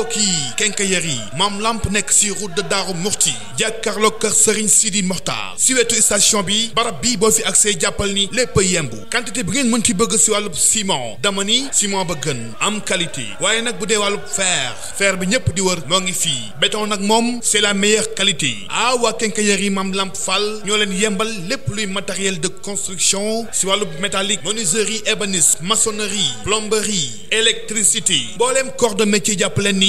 mbokk yi kenkayar yi maam lamp nekk ci route de Darou Mourti jàkkaarloo kër Serigne Sidi Mokhtar ci wetu station bi barab bii boo fi ak see jàppal ni lépp a yemb bi ngeen mën ci bëgg si wàllub ciment dama ni ciment ba gën am qualité waaye nag bu dee wàllub fer fer bi ñëpp di wër moo ngi fii béton nag moom c'est la meilleure qualité ah waa kenkayar yi maam lamp Fall ñoo leen yembal lépp luy matériel de construction si wàllub métallique menuiserie yi maçonnerie plomberie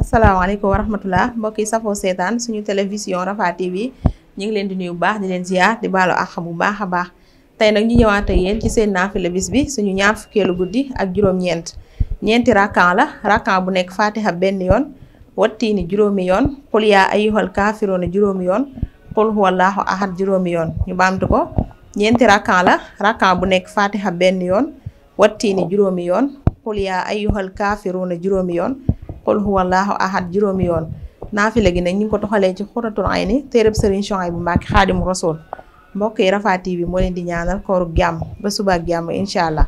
asalaamaaleykum wa rahmatullah mbokk yi safoo seetaan suñu télévision Rafah TV ñu ngi leen di nuyu bu baax di leen si ziar di baalu àq bu baax a baax te nag ñu ñëwaat ak ci seen naafila bis bi suñu ñaar fukkeelu guddi ak juróom-ñeent ñeenti rakkan la rakkan bu nekk fatiha benn yoon wattiini juróomi yoon qul yaa ayyuhal kaafiruuna juróomi yoon qul huwallaahu ahad juróomi yoon ñu baamtu ko ñeenti rakkan la rakkan bu nekk fatiha benn yoon wattiini juróomi yoon qul yaa ayyuhal juróomi yoon qul huwallaahu ahad juróomi yoon naafile gi nag ñu ngi ko toxalee ci xuratul ayni téereb sëriñ Chouaïbou bu Mbàkke xaadimu rasul mbokk yi Rafah TV moo leen di ñaanal kooru jàmm ba suba ak jàmm incha allah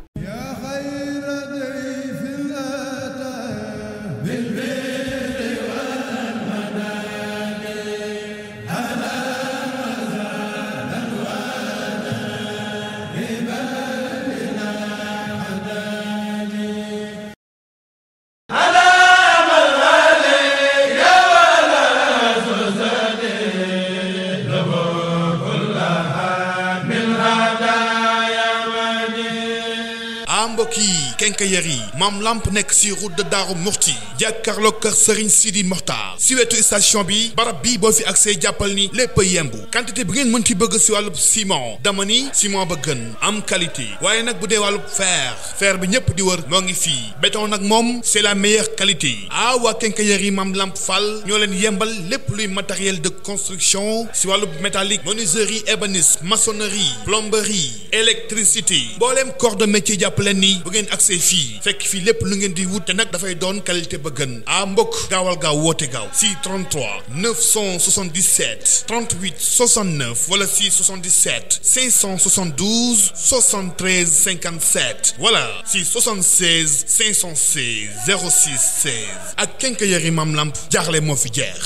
mbokk yi kenkayer yi maam lamp nekk ci route de Darou Mourti jàkkaarloo kër Serigne Sidi Mokhtar wetu station bi barab bii boo fi ak jàppal ni lépp a yemb bi ngeen mën ci bëgg si wàllub ciment dama ni ciment ba gën am qualité waaye nag bu dee wàllub fer fer bi ñëpp di wër moo ngi fii béton nag moom c'est la meilleure qualité ah waa kenkayer yi maam lamp Fall ñoo leen yembal lépp luy matériel de construction ci wàllub métallique menuiserie ébénisme maçonnerie plomberie ni bu ngeen accès fii fekk fii lépp lu ngeen di wut te nag dafay doon qualité ba gën ah mbokk gaawal gaaw woote gaaw si 33 977 38 69 wala si 77 572 73 57 voilà si 76 516 06 16 ak kenka yëri mam lamp jaaxle moo fi jeex